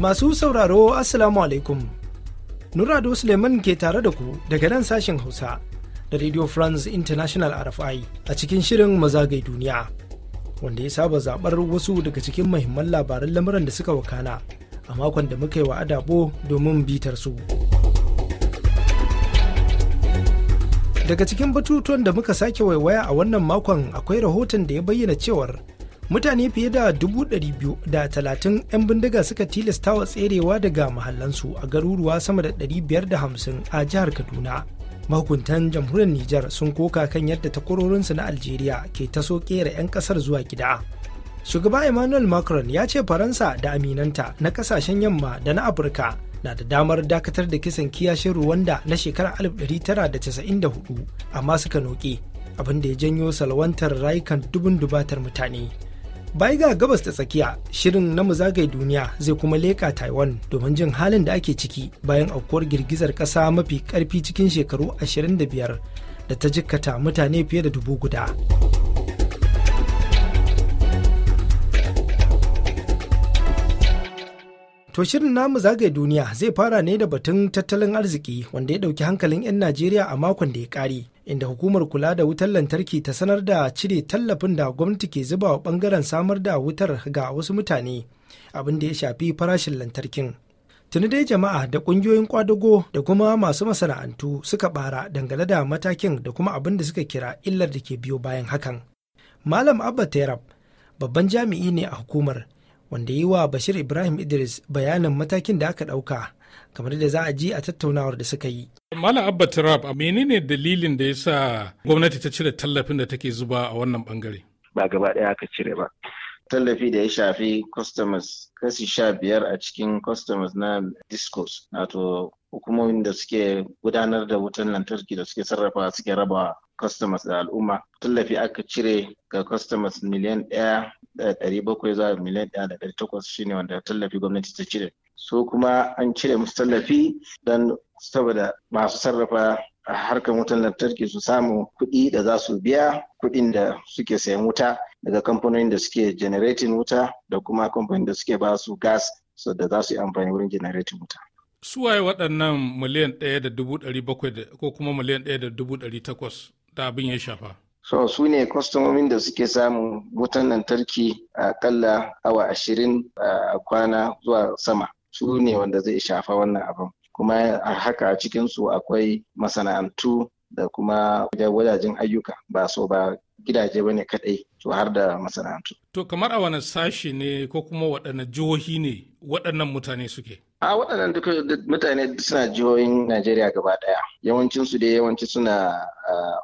Masu sauraro Assalamu alaikum. Nurado Suleiman ke tare da ku daga nan sashen Hausa da Radio France International RFI a cikin shirin mazagai duniya wanda ya saba zabar wasu daga cikin mahimman labaran lamuran da suka wakana a makon da muka yi wa adabo domin bitar su. Daga cikin batutuwan da muka sake waiwaya a wannan makon akwai rahoton da ya bayyana cewar mutane fiye da dubu biyu da talatin 'yan bindiga suka tilasta wa tserewa daga mahallansu a garuruwa sama da biyar da hamsin a jihar kaduna mahukuntan jamhuriyar nijar sun koka kan yadda takwarorinsu na algeria ke ta so kera 'yan kasar zuwa gida shugaba emmanuel macron ya ce faransa da aminanta na kasashen yamma da na afirka na da damar dakatar da kisan kiyashin ruwanda na shekarar 1994 amma suka noke abinda ya janyo salwantar rayukan dubun dubatar mutane Bai ga gabas ta tsakiya shirin na zagaye duniya zai kuma leƙa Taiwan domin jin halin da ake ciki bayan aukuwar girgizar ƙasa mafi ƙarfi cikin shekaru 25 da ta jikkata mutane fiye da dubu guda. To shirin namu zagaye duniya zai fara ne da batun tattalin arziki wanda ya ɗauki hankalin 'yan Najeriya a makon da ya ƙare. inda hukumar kula da wutar lantarki ta sanar da cire tallafin da gwamnati ke zuba wa bangaren samar da wutar ga wasu mutane abin da ya shafi farashin lantarkin tuni dai jama'a da ƙungiyoyin kwadago da kuma masu masana'antu suka bara dangane da matakin da kuma abin da suka kira illar da ke biyo bayan hakan malam abba terab babban jami'i ne a hukumar wanda yi wa Bashir Ibrahim Idris bayanin matakin da aka ɗauka kamar da za a ji a tattaunawar da suka yi. Malam Abba a menene dalilin da ya sa gwamnati ta cire tallafin da take zuba a wannan bangare? Ba gaba ɗaya aka cire ba. tallafi da ya shafi customers kasi sha biyar a cikin customers na discos wato hukumomin da suke gudanar da wutan lantarki da suke sarrafa suke raba customers da al'umma tallafi aka cire ga customers miliyan ɗaya da ɗari bakwai zuwa miliyan ɗaya da ɗari takwas shine wanda tallafi gwamnati ta cire su kuma an cire musu tallafi don saboda masu sarrafa a harkar wutan lantarki su samu kuɗi da za su biya kuɗin da suke sayan wuta daga kamfanonin da suke generating wuta da kuma kamfanonin da suke ba su gas so da za su yi amfani wurin generating wuta. Su waye waɗannan miliyan ɗaya da dubu ɗari bakwai ko kuma miliyan ɗaya da dubu ɗari takwas da abin ya shafa? So su ne kwastomomin da suke samun wutan lantarki a ƙalla awa ashirin a kwana zuwa sama. Su ne wanda zai shafa wannan abin. Kuma a haka cikinsu akwai masana'antu da kuma wajajen ayyuka ba so ba gidaje bane kadai to har da masana'antu. To kamar a wani sashi ne ko kuma waɗanne jihohi ne waɗannan mutane suke? A waɗannan duka mutane suna jihohin Najeriya gaba ɗaya. Yawancin su dai yawanci suna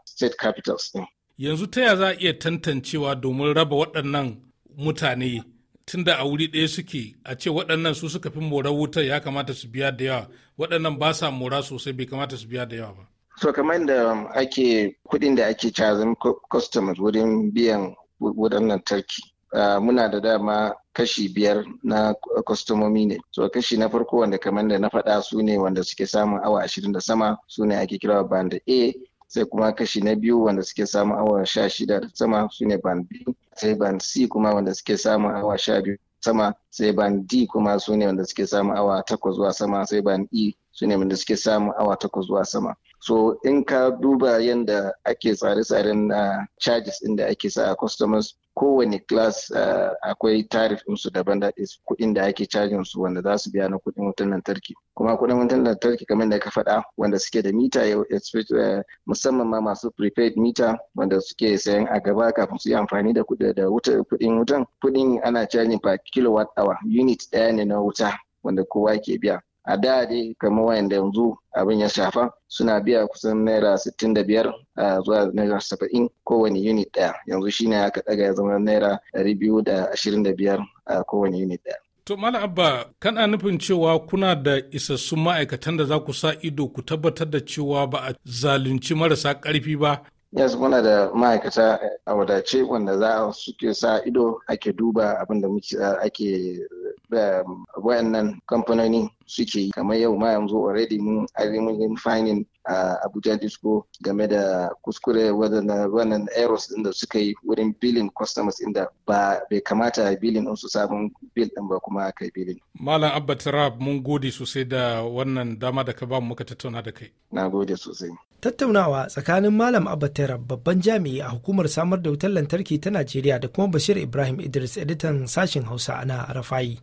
state capitals ɗin. Yanzu ta ya za a iya tantancewa domin raba waɗannan mutane tunda a wuri ɗaya suke a ce waɗannan su suka fi mora wutar ya kamata su biya da yawa waɗannan ba sa mora sosai bai kamata su biya da yawa ba. So kamar da ake kuɗin da ake cazin customers wurin biyan wurin lantarki. Ah, muna da dama kashi biyar na kwastomomi ne. So kashi na farko wanda kamar da na faɗa su ne wanda suke samun awa ashirin da sama su ne ake kira band A sai kuma kashi na biyu wanda suke samun awa sha shida da sama su ne band B sai band C kuma wanda suke samun awa sha biyu sama sai band D kuma su ne wanda suke samun awa takwas zuwa sama sai band E su ne wanda suke samun awa takwas zuwa sama. so in ka duba yadda ake tsare-tsaren na uh, charges inda ake sa a customers kowane class uh, akwai tarif su daban da kuɗin da ake cajin su wanda za su biya na kuɗin wutar lantarki kuma kuɗin wutar lantarki kamar da ka faɗa wanda suke da mita uh, musamman ma masu prepaid mita wanda suke sayan a gaba kafin su yi amfani da kuɗin wutan kuɗin ana cajin per kilowatt hour unit daya ne na wuta wanda kowa ke biya a da dai kamar wayanda yanzu abin ya shafa suna biya kusan naira 65 da zuwa naira saba'in kowane unit ɗaya yanzu shine aka ɗaga ya zama naira ɗari da ashirin da a kowane unit ɗaya. To Mala Abba, kana nufin cewa kuna da isassun ma'aikatan da za ku sa ido ku tabbatar da cewa ba a zalunci marasa ƙarfi ba yes muna da ma'aikata a wadace wanda za suke sa ido ake duba abin da ake da wayannan kamfanoni suke yi kamar yau ma yanzu already mun mun fainin a abuja disco game da kuskure wannan eros din da suka yi wurin billing customers inda ba bai kamata billing din su sabon bill din ba kuma kai billing malam abba tirab mun gode sosai da wannan dama da ka ba mu muka tattauna da kai na gode sosai tattaunawa tsakanin malam abba tirab babban jami'i a hukumar samar da wutar lantarki ta najeriya da kuma bashir ibrahim idris editan sashen hausa na rafayi.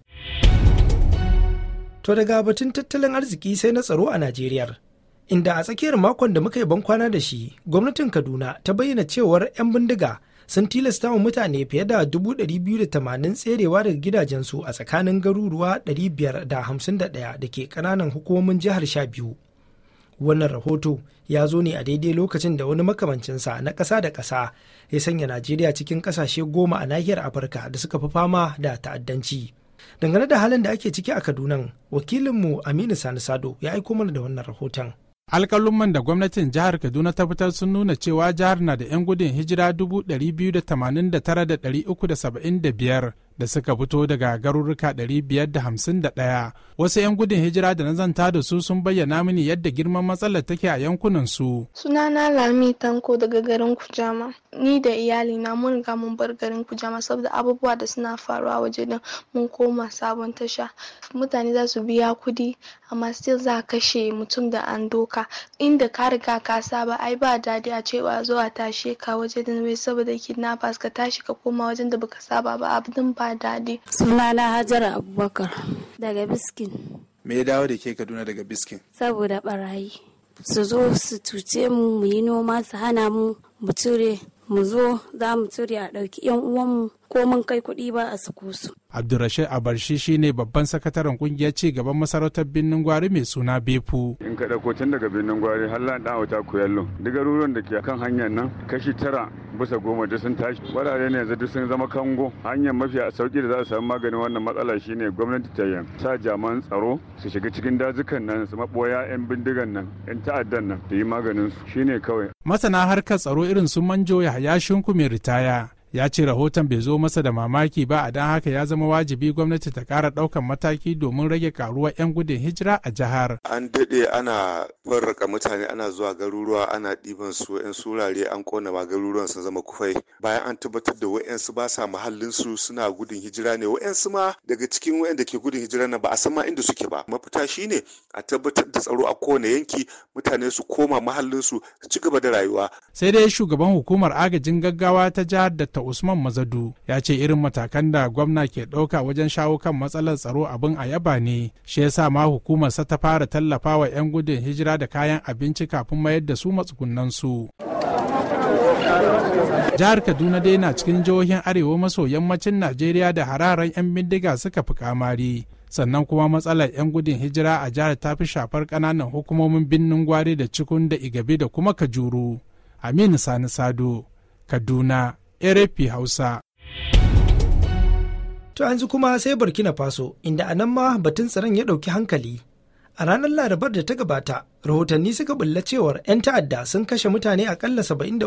To daga batun tattalin arziki sai na tsaro a Najeriya. Inda a tsakiyar makon da muka yi bankwana da shi, gwamnatin Kaduna ta bayyana cewar 'yan bindiga sun tilasta wa mutane fiye da 280 tserewa daga gidajensu a tsakanin garuruwa 551 da ke kananan hukumomin jihar sha biyu. Wannan rahoto ya zo ne a daidai lokacin da wani makamancinsa na ƙasa da ƙasa ya sanya Najeriya cikin ƙasashe goma a nahiyar Afirka da suka fi fama da ta'addanci. dangane da halin da ake ciki a kaduna wakilinmu aminu sani sado ya aiko mana da wannan rahoton alkalumman da gwamnatin jihar kaduna ta fitar sun nuna cewa jihar na da 'yan gudun hijira 289,375 da suka fito daga garuruka 551 wasu 'yan gudun hijira da na zanta da su sun bayyana mini yadda girman matsalar take a yankunan su sunana lami tanko daga garin kujama ni da iyali na mun riga mun bar garin kujama saboda abubuwa da suna faruwa waje da mun koma sabon tasha mutane za su biya kudi amma still za kashe mutum da an doka inda ka riga ka saba ai ba dadi a cewa zuwa tashe ka waje da wai saboda kidnappers ka tashi ka koma wajen da baka saba ba abin ba ba daɗi. Sunana Hajara Abubakar daga Biskin. Me ya dawo da ke Kaduna daga Biskin? Saboda barayi. Su zo su cuce mu mu yi noma su hana mu mu cire mu zo za mu cire a ɗauki 'yan uwanmu ko mun kai kuɗi ba a suku su. Abdulrashid Abarshi shine babban sakataren kungiyar ci gaban masarautar Birnin Gwari mai suna Befu. In ka ɗauko tun daga Birnin Gwari har lan ɗan wata koyallo. Duk garuruwan da ke kan hanyar nan kashi tara bisa goma duk sun tashi. Wurare ne yanzu duk sun zama kango. Hanyar mafi sauƙi da za su samu maganin wannan matsala shine gwamnati ta yi sa jaman tsaro su shiga cikin dazukan nan su maɓoya 'yan bindigan nan 'yan ta'addan nan su yi maganin su shine kawai. Masana harkar tsaro irin su Manjo Yahaya Shinku mai ritaya ya ce rahoton bai zo masa da mamaki ba a don haka ya zama wajibi gwamnati ta kara daukan mataki domin rage karuwar 'yan gudun hijira a jihar an daɗe ana barraka mutane ana zuwa garuruwa ana ɗiban su 'yan surare an kona ma garuruwan sun zama kufai bayan an tabbatar da wa'yansu ba sa su suna gudun hijira ne wa'yansu ma daga cikin wa'yanda ke gudun hijira na ba a san ma inda suke ba mafita shine a tabbatar da tsaro a kowane yanki mutane su koma mahallinsu su ci gaba da rayuwa sai dai shugaban hukumar agajin gaggawa ta jihar da ta usman mazadu ya ce irin matakan da gwamna ke ɗauka wajen shawo kan matsalar tsaro abin a yaba ne shi yasa ma hukumarsa ta fara tallafa wa 'yan gudun hijira da kayan abinci kafin mayar da su matsugunansu jihar kaduna dai na cikin jihohin arewa maso yammacin najeriya da hararan 'yan bindiga suka fi kamari sannan kuma matsalar 'yan gudun hijira a jihar ta fi shafar ƙananan hukumomin birnin gwari da cikun da igabe da kuma kajuru aminu sani sado kaduna erefi hausa to yanzu kuma sai burkina faso inda a nan ma batun tsaron ya ɗauki hankali a ranar larabar da ta gabata rahotanni suka bulla cewar 'yan ta'adda sun kashe mutane akalla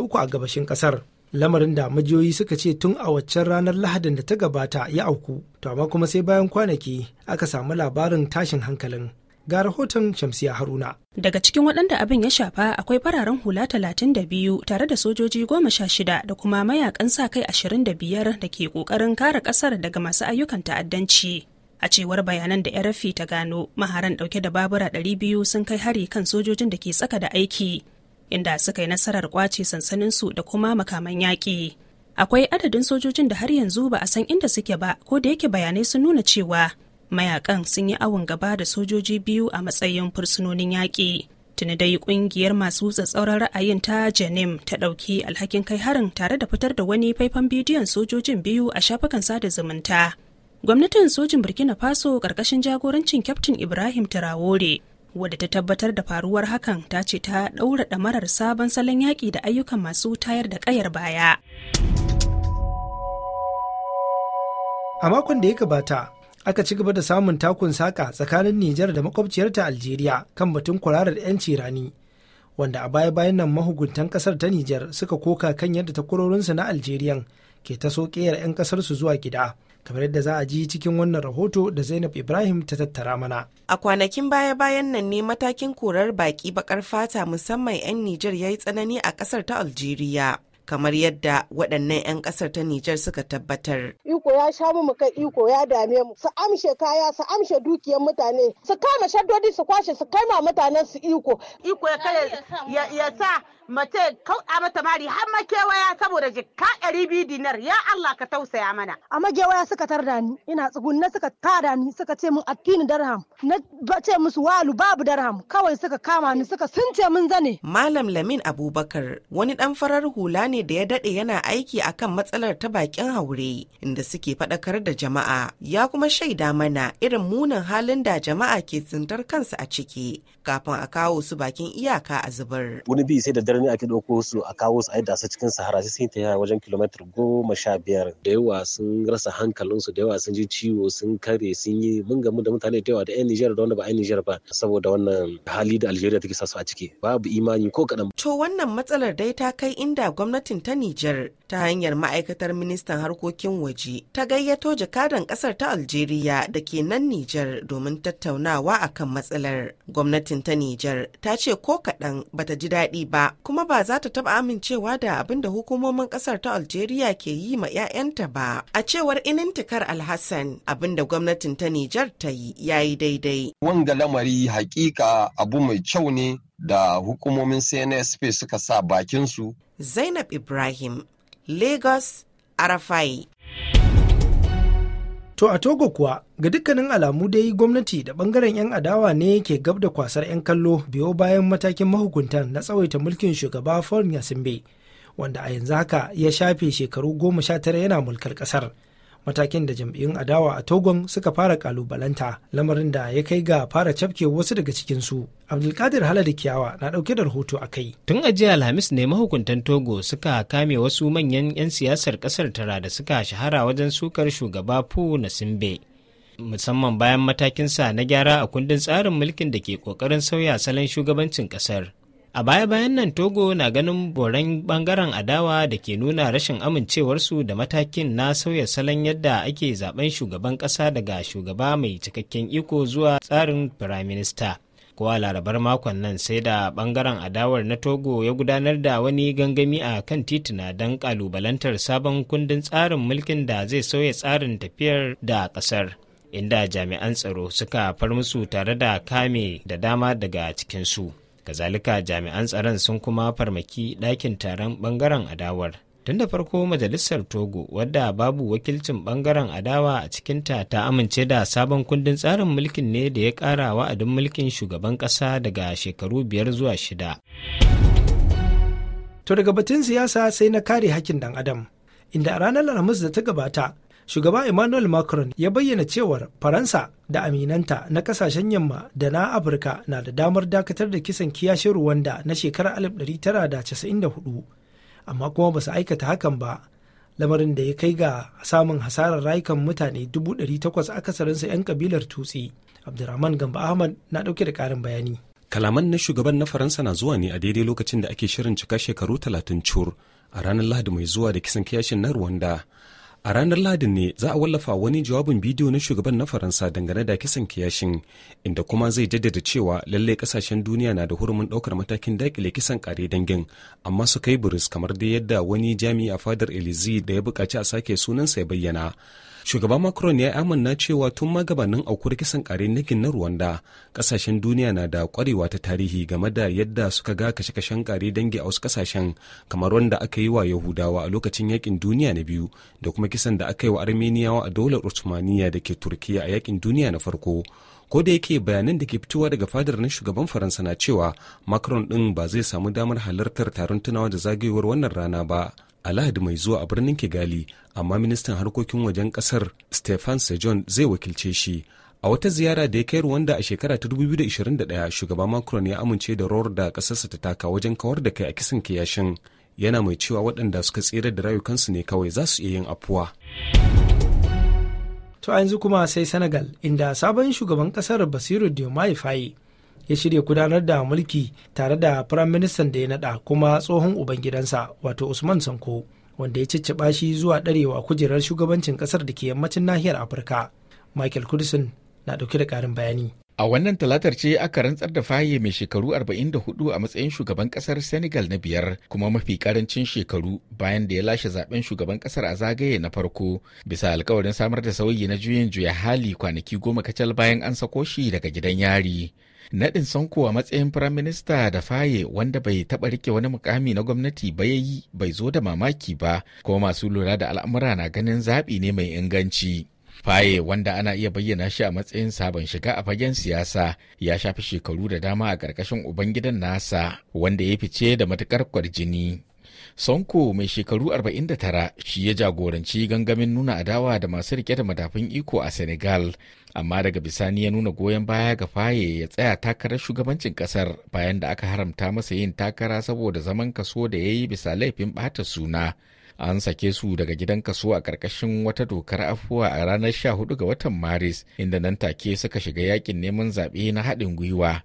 uku a gabashin kasar lamarin da majiyoyi suka ce tun a waccan ranar lahadin da ta gabata ya auku to amma kuma sai bayan kwanaki aka samu labarin tashin hankalin ga rahoton Shamsiya Haruna. Daga cikin waɗanda abin ya shafa akwai fararen hula 32 tare da sojoji 16 da kuma mayakan sa kai 25 da ke ƙoƙarin kare ƙasar daga masu ayyukan ta'addanci. A cewar bayanan da RFI ta gano, maharan ɗauke da babura 200 sun kai hari kan sojojin da ke tsaka da aiki, inda suka yi nasarar kwace sansanin su da kuma makaman yaƙi. Akwai adadin sojojin da har yanzu ba a san inda suke ba, ko da yake bayanai sun nuna cewa mayakan sun yi awon gaba da sojoji biyu a matsayin fursunonin yaƙi tuni dai kungiyar masu tsatsauran ra'ayin ta janim ta ɗauki alhakin kai harin tare da fitar da wani faifan bidiyon sojojin biyu a shafukan sada zumunta gwamnatin sojin burkina faso ƙarƙashin jagorancin kyaftin ibrahim traore wadda ta tabbatar da faruwar hakan ta ce ta ɗaura ɗamarar sabon salon yaƙi da ayyukan masu tayar da ƙayar baya a makon da ya gabata aka ci gaba da samun takun saka tsakanin Nijar da makwabciyarta Aljeriya kan batun kwararar 'yanci rani, wanda a baya-bayan nan mahuguntan kasar ta Nijar suka koka kan yadda takwarorinsu na Algerian ke ta so 'yan kasarsu zuwa gida. kamar yadda za a ji cikin wannan rahoto da Zainab Ibrahim ta tattara mana. A kwanakin baya-bayan nan ne matakin korar baki bakar fata musamman 'yan Nijar ya yi tsanani a kasar ta Algeria. kamar yadda waɗannan 'yan ƙasar ta Nijar suka tabbatar. Iko ya sha mu kai iko ya dame mu su amshe kaya su amshe dukiyar mutane su kama shaddodi su kwashe su kai ma mutanen su iko. Iko ya sa mace kauɗa mata mari har makewaya saboda jikka ɗari biyu dinar ya Allah ka tausaya mana. A makewaya suka tarda ni ina tsugunne suka tada ni suka ce min addini darham na ce musu walu babu darham kawai suka kama ni suka sunce min zane. Malam Lamin Abubakar wani ɗan farar hula ne da ya daɗe yana aiki akan matsalar ta bakin haure inda suke faɗakar da jama'a ya kuma shaida mana irin munin halin da jama'a ke tsintar kansu a ciki kafin a kawo su bakin iyaka a zubar. Wani bi sai da biyar ne ake ɗauko su a kawo su a yadda su cikin sahara sai sun tafiya wajen kilomita goma sha biyar da yawa sun rasa hankalinsu da yawa sun ji ciwo sun kare sun yi mun gamu da mutane da yawa da 'yan Nijar da wanda ba 'yan Nijar ba saboda wannan hali da Algeria take sasu a ciki babu imani ko kaɗan. To wannan matsalar dai ta kai inda gwamnatin ta Nijar ta hanyar ma'aikatar ministan harkokin waje ta gayyato jakadan ƙasar ta Algeria da ke nan Nijar domin tattaunawa akan matsalar. Gwamnatin ta Nijar ta ce ko kaɗan bata ji daɗi ba kuma ba za ta taba amincewa da abin da hukumomin kasar ta Algeria ke yi ma 'ya'yanta ba. A cewar inintikar Alhassan abin da gwamnatin ta Nijar ta yi ya yi daidai. Wanga lamari hakika abu mai kyau ne da hukumomin CNSP suka sa bakinsu. Zainab Ibrahim, Lagos, Arafai. To a Togo kuwa ga dukkanin alamu dai gwamnati da bangaren 'yan adawa ne ke gab da kwasar 'yan kallo biyo bayan matakin mahukuntan na tsawaita mulkin shugaba Paul Yasimbe wanda a yanzu haka ya shafe shekaru goma sha tara yana mulkar ƙasar. matakin da jam'iyyun adawa a togon suka fara kalubalanta lamarin da ya kai ga fara cafke wasu daga cikinsu abdulkadir halada kiyawa na dauke da rahoto a kai tun a jiya alhamis ne mahukuntan togo suka kame wasu manyan 'yan siyasar kasar tara da suka shahara wajen sukar shugaba pu na simbe musamman bayan matakinsa na gyara a kundin tsarin mulkin da ke kokarin sauya salon shugabancin kasar a baya-bayan nan togo na ganin boran bangaren adawa da ke nuna rashin amincewarsu da matakin na sauya salon yadda ake zaben shugaban kasa daga shugaba mai cikakken iko zuwa tsarin firaminista kowa larabar makon nan sai da bangaren adawar na togo ya gudanar da wani gangami a kan titina don kalubalantar sabon kundin tsarin mulkin da zai sauya tsarin tafiyar da kasar inda jami'an tsaro suka far musu tare da kame da dama daga cikinsu. kazalika jami'an tsaron sun kuma farmaki ɗakin taron ɓangaren adawar tun da farko majalisar togo wadda babu wakilcin ɓangaren adawa a cikinta ta amince da sabon kundin tsarin mulkin ne da ya ƙara wa'adin mulkin shugaban ƙasa daga shekaru biyar zuwa shida to daga batun siyasa sai na kare hakkin ɗan adam inda a ranar alhamis da ta gabata shugaba emmanuel macron ya bayyana cewar faransa da aminanta na kasashen yamma da na afirka na da damar dakatar da kisan kiyashin ruwanda na shekarar 1994 amma kuma ba su aikata hakan ba lamarin da ya kai ga samun hasarar rayukan mutane 800 akasarinsa 'yan kabilar tutsi abdurrahman gamba ahmad na dauke da karin bayani kalaman na shugaban na faransa na zuwa ne a daidai lokacin da ake shirin cika shekaru talatin cur a ranar lahadi mai zuwa da kisan kiyashin na ruwanda. a ranar ladin ne za a wallafa wani jawabin bidiyo na shugaban na faransa dangane da kisan kiyashin inda kuma zai jaddada cewa lalle kasashen duniya na da hurumin daukar matakin dakile kisan kare dangin amma su kai buris kamar dai yadda wani jami'a fadar elizi da ya bukaci a sake sunansa ya bayyana Shugaban Macron ya amanna cewa tun magabanin aukuwar kisan kare nakin na Rwanda, kasashen duniya na da kwarewa ta tarihi game da yadda suka ga kashe-kashen kare dangi a wasu kasashen kamar wanda aka yi wa Yahudawa a lokacin yakin duniya na biyu da kuma kisan da aka yi wa Armeniyawa a daular Usmaniya da ke Turkiya a yakin duniya na farko. ko da yake bayanan da ke fitowa daga fadar na shugaban faransa na cewa macron din ba zai samu damar halartar taron tunawa da zagayowar wannan rana ba a lahadi mai zuwa a birnin kigali amma ministan harkokin wajen kasar stefan sejon zai wakilce shi a wata ziyara da ya kai rwanda a shekara ta 2021 shugaban macron ya amince da rawar da kasarsa ta taka wajen kawar da kai a kisan kiyashin yana mai cewa waɗanda suka tsere da rayukansu ne kawai za su iya yin afuwa to a yanzu kuma sai senegal inda sabon shugaban kasar basiru diomaye faye ya shirya gudanar da mulki tare da firayim ministan da ya naɗa kuma tsohon ubangidansa wato usman sanko wanda ya cicciɓa shi zuwa ɗarewa kujerar shugabancin kasar da ke yammacin nahiyar afirka michael kudisin na ɗauke da karin bayani A wannan talatar ce aka rantsar da faye mai shekaru 44 a matsayin shugaban kasar Senegal na biyar kuma mafi karancin shekaru bayan da ya lashe zaben shugaban kasar a zagaye na farko bisa alkawarin samar da sauyi na juyin juya hali kwanaki goma kacal bayan an sako shi daga gidan yari. Naɗin Sanko a matsayin firaminista da faye wanda bai taɓa rike wani mukami na gwamnati ba yayi bai zo da mamaki ba, Ko masu lura da al'amura na ganin zaɓi ne mai inganci. Faye wanda ana iya bayyana shi a matsayin sabon shiga a fagen siyasa ya shafi shekaru da dama a ƙarƙashin Ubangidan nasa wanda ya fice da matuƙar kwarjini. Sonko mai shekaru 49 shi ya jagoranci gangamin nuna adawa da masu rike da madafun iko a Senegal, amma daga bisani ya nuna goyon baya ga faye ya tsaya takarar shugabancin kasar bayan da aka haramta masa yin takara saboda zaman kaso da ya yi bisa laifin bata suna. an sake su daga gidan kaso a ƙarƙashin wata dokar afuwa a ranar 14 ga watan maris inda nan take suka shiga yakin neman zaɓe na haɗin gwiwa.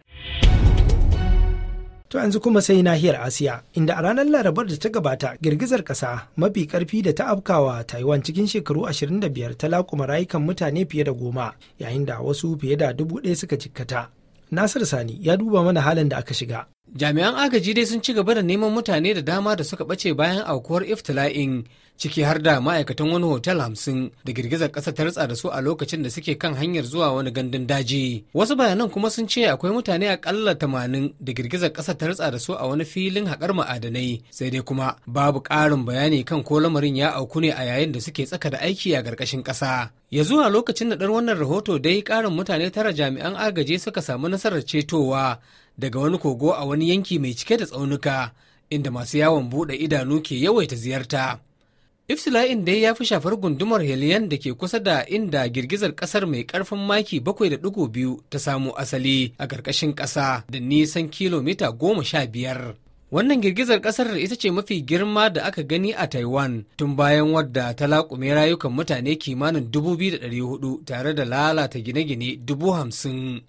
To yanzu kuma sai nahiyar Asiya, inda a ranar Larabar da ta gabata girgizar ƙasa mafi ƙarfi da ta afkawa Taiwan cikin shekaru 25 ta laƙuma rayukan mutane fiye da goma, yayin da wasu fiye da dubu ɗaya suka jikkata. Nasir Sani ya duba mana halin da aka shiga. Jami'an agaji dai sun ci gaba da neman mutane da dama da suka ɓace bayan aukuwar iftila'in ciki har da ma'aikatan wani hotel hamsin da girgizar ƙasa ta ritsa da su a lokacin da suke kan hanyar zuwa wani gandun daji wasu bayanan kuma sun ce akwai mutane akalla tamanin da girgizar ƙasa ta ritsa da su a wani filin haƙar ma'adanai sai dai kuma babu ƙarin bayani kan ko lamarin ya auku ne a yayin da suke tsaka da aiki a ƙarƙashin ƙasa ya zuwa lokacin da ɗar wannan rahoto dai ƙarin mutane tara jami'an agaji suka samu nasarar cetowa daga wani kogo a wani yanki mai cike da tsaunuka inda masu yawon buɗe idanu ke yawaita ziyarta Ifsila'in dai ya fi shafar gundumar Heliyan da ke kusa da inda girgizar kasar mai karfin maki bakwai da biyu ta samu asali a ƙarƙashin ƙasa da nisan kilomita goma sha biyar. Wannan girgizar kasar ita ce mafi girma da aka gani a Taiwan tun bayan wadda ta laƙume rayukan mutane kimanin 2,400 tare da lalata gine-gine 50,000.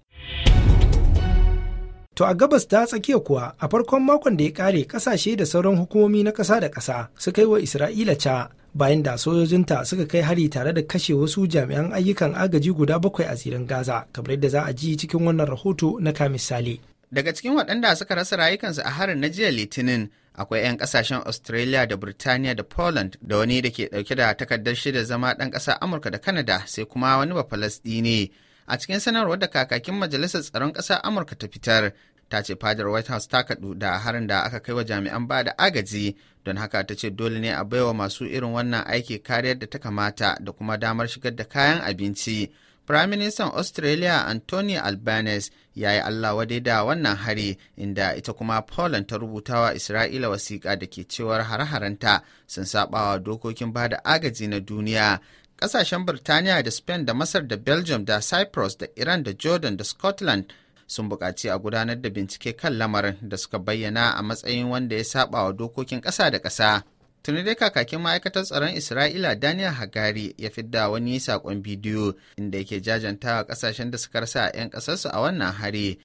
To a gabas ta tsakiya kuwa a farkon makon da ya kare kasashe da sauran hukumomi na ƙasa da ƙasa suka yi wa Isra'ila ca bayan da sojojinta suka kai hari tare da kashe wasu jami'an ayyukan agaji guda bakwai a tsirin Gaza kamar yadda za a ji cikin wannan rahoto na Kamis Sale. Daga cikin waɗanda suka rasa rayukansu a harin na jiya Litinin akwai 'yan kasashen Australia da Burtaniya da Poland da wani da ke ɗauke da takardar shida zama ɗan ƙasa Amurka da Canada sai kuma wani ba Falasɗini. A cikin sanarwar da kakakin Majalisar Tsaron Ƙasar Amurka ta fitar, ta ce fadar White House ta kaɗu da harin da aka kai wa jami'an ba da agaji, don haka ta ce dole ne a baiwa masu irin wannan aiki kariyar da ta kamata da kuma damar shigar da kayan abinci. Firaministan Australia Anthony Albanese ya yi Allah wadai da wannan hari inda ita kuma Poland ta rubuta wa Isra'ila wasiƙa da ke cewar hare-harenta sun saɓawa dokokin ba da agaji na duniya Ƙasashen Birtaniya da Spain da Masar da Belgium da Cyprus da Iran da Jordan da Scotland sun buƙaci a gudanar da bincike kan lamarin da suka bayyana a matsayin wanda ya saba wa dokokin ƙasa da ƙasa. Tuni dai kakakin ma'aikatar tsaron Isra'ila Daniel Hagari ya fidda wani saƙon bidiyo inda yake jajantawa ƙasashen da suka rasa 'yan ƙasarsu a wannan hari.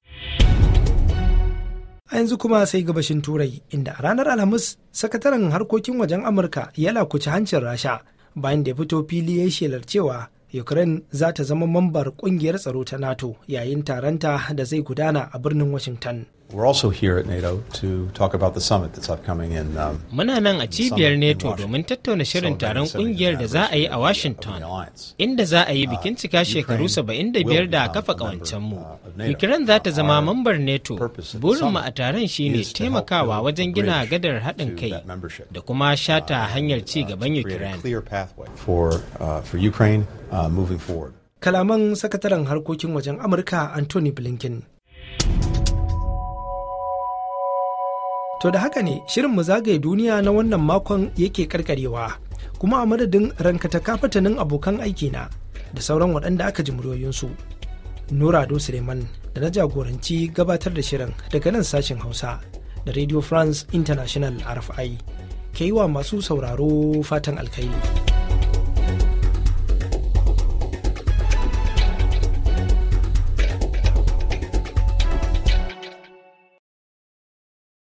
a yanzu kuma sai gabashin turai inda a ranar alhamis sakataren harkokin wajen amurka ya lakuci hancin rasha bayan da ya fito fili ya shelar cewa ukraine za ta zama mambar kungiyar tsaro ta nato yayin taronta da zai gudana a birnin washington We're also here at NATO to talk about the um, Muna nan a cibiyar NATO domin tattauna shirin taron kungiyar da za a yi a Washington, inda za a yi uh, bikin cika shekaru 75 da kafa kawancen mu Ukraine za ta zama mambar NATO. Burinmu a taron shine taimakawa wajen gina gadar haɗin kai da kuma shata uh, hanyar uh, ci gaban Ukraine. Kalaman sakataren harkokin wajen Amurka Anthony Blinken. To da haka ne shirin mu zagaye duniya na wannan makon yake karkarewa kuma a madadin ranka ta kafatanin abokan aikina da sauran waɗanda aka ji muryoyinsu. Nura Ado Suleiman da na jagoranci gabatar da shirin daga nan sashen Hausa da Radio France International RFI ke yi wa masu sauraro fatan alkhairi.